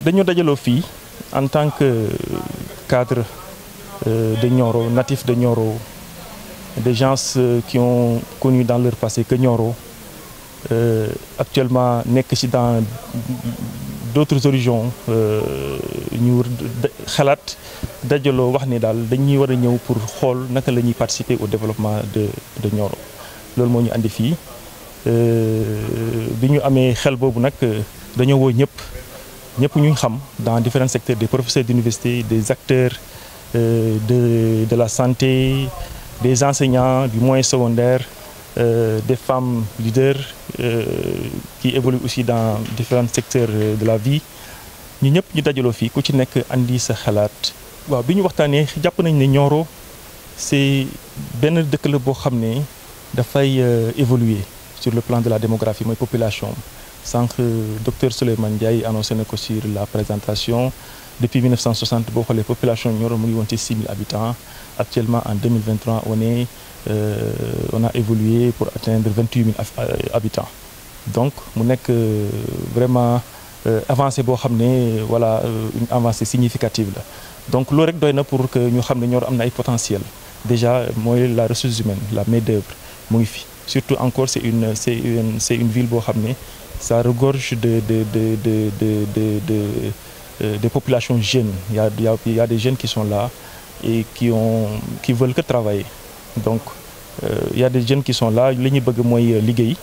dañu dajaloo fi en tant que euh, cadre euh, de Nioro natif de Nioro des gens euh, qui ont connu dans leur passé que Nioro actuellement nek ci dans d'autres régions, ñu xalat dajaloo wax ni dal dañuy wara pour xol naka lañuy participer au développement de de Nioro lool mo ñu andi fi euh biñu amé xel bobu nak dañu wo ñëpp. Nous ñu dans différents secteurs des professeurs d'université des acteurs euh, de la santé des enseignants du moyen secondaire euh, des femmes leaders euh, qui évoluent aussi dans différents secteurs de la vie ñu ñëpp ñu ce fii ku ci nekk andi sa xalaat. Nous nañ c'est un de évoluer sur le plan de la démographie la population que docteur Souleymane Ndiaye annoncé la présentation depuis 1960 les populations population 6 000 habitants actuellement en 2023 on euh, on a évolué pour atteindre 28 000 euh, habitants donc on est euh, vraiment avancé voilà une avancée significative donc l'orec pour que nous xam un potentiel déjà la ressource humaine la main d'œuvre surtout encore c'est une c'est une une ville pour amener ça regorge de, de, de, de euh, populations jeunes. Il y, a, des jeunes qui sont là et qui, ont, qui veulent que travailler. Donc, euh, il y a des jeunes qui sont là, les gens veulent travailler.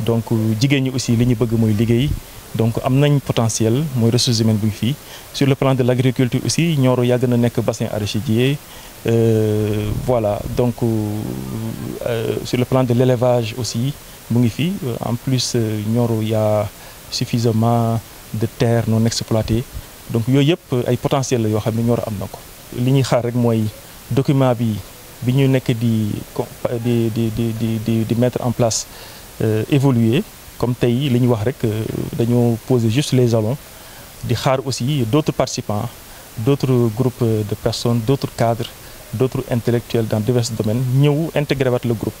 Donc, les aussi, les gens veulent travailler. donc am un potentiel un ressources humaines sur le plan de l'agriculture aussi ils ont un le bassin arachidier euh, voilà donc sur le plan de l'élevage aussi en plus euh, il y a suffisamment de terres non exploitées. donc y a un potentiel Ce qui est am document bi mettre en place euh, évoluer comme tay liñu wax rek euh, poser juste les jalons di xaar aussi d'autres participants d'autres groupes de personnes d'autres cadres d'autres intellectuels dans divers domaines nous intégrer le groupe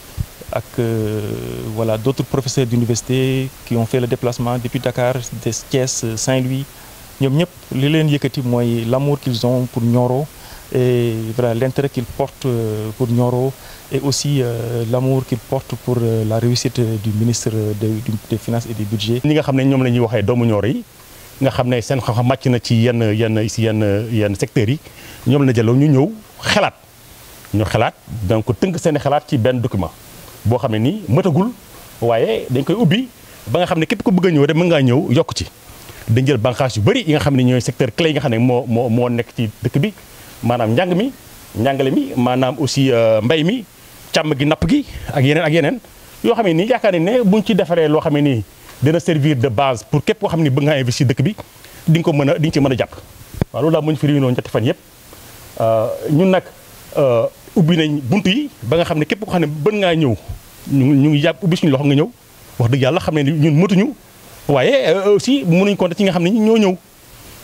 avec euh, voilà, d'autres professeurs d'université qui ont fait le déplacement depuis Dakar, des Thiès, Saint-Louis. nous L'amour qu'ils ont pour Nyoro et l'intérêt qu'ils portent euh, pour Nyoro et aussi euh, l'amour qu'ils portent pour la réussite du ministre des Finances et du Budget. Nous savons que sommes xam les seen xam-xam màcc na ci yenn yenn ici yenn yenn secteurs yi ñoom la jëloo ñu ñëw xalaat ñu xalaat donc tënk seen xalaat ci ben document bo xam ni matagul mëtagul dañ koy ubbi ba nga xamné ne képp ku bëgg ñëw rek mën ñëw yok ci dañ jël bànqaas yu bari yi nga xamné ne secteur clé yi nga xamné ne mo mo nek ci dëkk bi manam njàng mi njàngale mi manam aussi euh, mbay mi cham gi nap gi ak yenen ak yenen yo xamné ne nii yaakaar nañ ne buñ ci défaré lo xamné ni dina servir de base pour képp ko xamné bëgg nga investir dëkk bi di ko mëna a ci mëna japp wa waaw la muñ fi réunion ñetti fan euh ñun euh ubbi nañ buntu yi ba nga xamné ne képp koo bën nga ñëw ñu ñu ngi jàpp ubbi suñu loxo nga ñëw wax dëgg yàlla xam ne ñun mëtuñu waaye euh, aussi mënuñ compter ci nga xam ne ñoo ñëw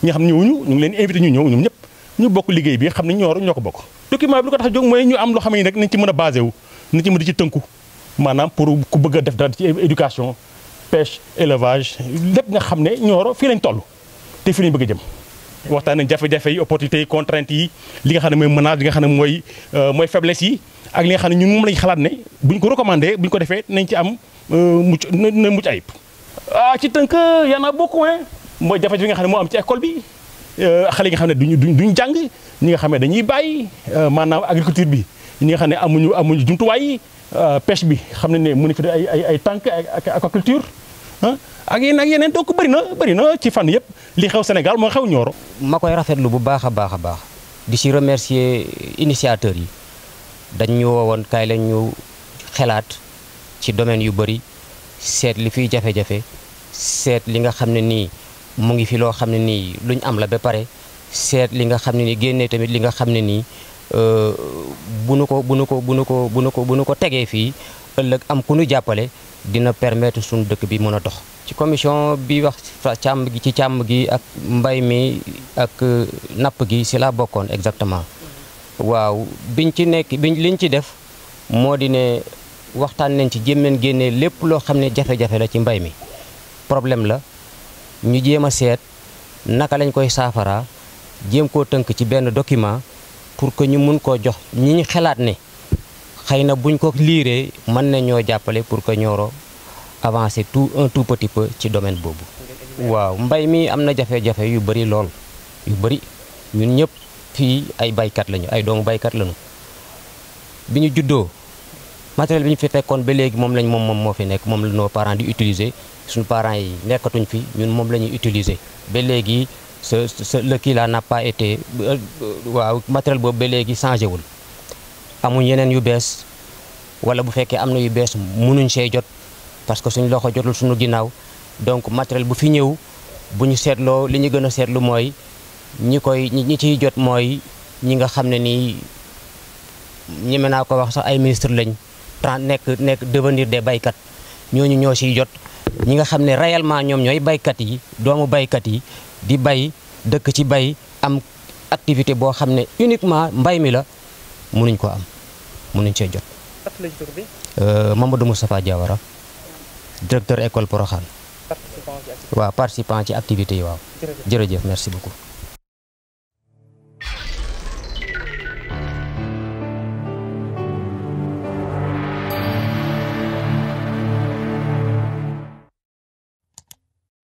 ñi xam ne ñu ngi leen invité ñu ñëw ñoom ñëpp ñu bokk liggéey bi xam ne ñooro ñoo ko bokk document bi lu ko tax jóg mooy ñu am loo xam ne rek a basé wu nañ ci mën di ci tënku maanaam pour ku bëgg a def élevage lépp nga xam ne ñooro fii lañ toll te fii lañ bëgg a jëm waxtaan nañ jafe-jafe yi opportunités yi contraintes yi li nga xam ne mooy menace li nga xam ne mooy euh, mooy faiblesse yi ak li nga xam ne ñun moom lañ xalaat ne buñ ko recommandé buñ ko defee nañ ci am euh, mucc na mucc ayib. ah ci tënk yaa naa bokk hein mooy jafe-jafe yi nga xam ne moo am ci école bi euh, xale yi nga xam ne duñu duñ jàng ñi nga xam ne dañuy bàyyi euh, maanaam agriculture bi ñi nga xam ne amuñu amuñu jumtuwaay pêche bi xam ne ne mu nekk ay ay ay tànk ak aquaculture ak yeneen ak yeneen donc bëri na bëri na ci fànn yëpp li xew Sénégal moo xew ñooro ma koy rafetlu bu baax a baax a baax di si remercier initiateur yi. dañ ñu woowoon kaay lañ ñu xelaat ci domaine yu bëri seet li fiy jafe-jafe seet li nga xam ne nii mu ngi fi loo xam ne nii luñ am la ba pare seet li nga xam ne nii génnee tamit li nga xam ne nii euh, bu nu ko bu nu ko bu nu ko bu nu ko bu nu ko tegee fii ëllëg am ku nu jàppale dina permettre suñu dëkk bi mën a dox. ci commission bi wax càmm gi ci càmm gi ak mbay mi ak euh, napp gi si laa bokkoon exactement. waaw biñ ci nekk bi liñ ci def moo di ne waxtaan nañ ci jéem leen génnee lépp loo xam ne jafe-jafe la ci mbay mi problème la ñu jéem a seet naka lañ koy saafara jéem koo tënk ci benn document pour que ñu mun koo jox ñi ñu xalaat ne xëy na buñ ko liiree mën na ñoo jàppale pour que Nioro avancé tout un tout petit ci domaine boobu waaw mbay mi am na jafe-jafe yu bari lool yu bari ñun ñëpp fii ay baykat lañu ay doomu baykat lañu bi ñu juddoo matériel bi ñu fi fekkoon ba léegi moom lañ moom moom moo fi nekk moom la nos parents di utiliser suñu parent yi nekkatuñ fi ñun moom la ñuy utiliser ba léegi sa ce le kii là n'a été euh, waaw matériel boobu ba léegi changé wul amuñ yeneen yu bees wala bu fekkee am na yu bees mënuñ see jot parce que suñ loxo jotul suñu ginnaaw donc matériel bu fi ñëw bu ñu seetloo li ñu gën a seetlu mooy ñi koy ñi ciy jot mooy ñi nga xam ne nii ñi mën naa ko wax sax ay ministre lañ trente nekk nekk devenir des baykat ñooñu ñoo siy jot ñi nga xam ne réellement ñoom ñooy baykat yi doomu baykat yi di bay dëkk ci bay am activité boo xam ne uniquement mbay mi la mënuñ ko am mënuñ cee jot euh, Mamadou Moustapha Diawara directeur école Porokhane waaw participant ci activité yi waaw beaucoup